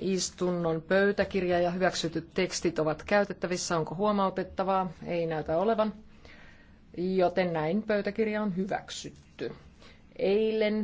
Istunnon pöytäkirja ja hyväksytyt tekstit ovat käytettävissä. Onko huomautettavaa? Ei näytä olevan. Joten näin pöytäkirja on hyväksytty. Eilen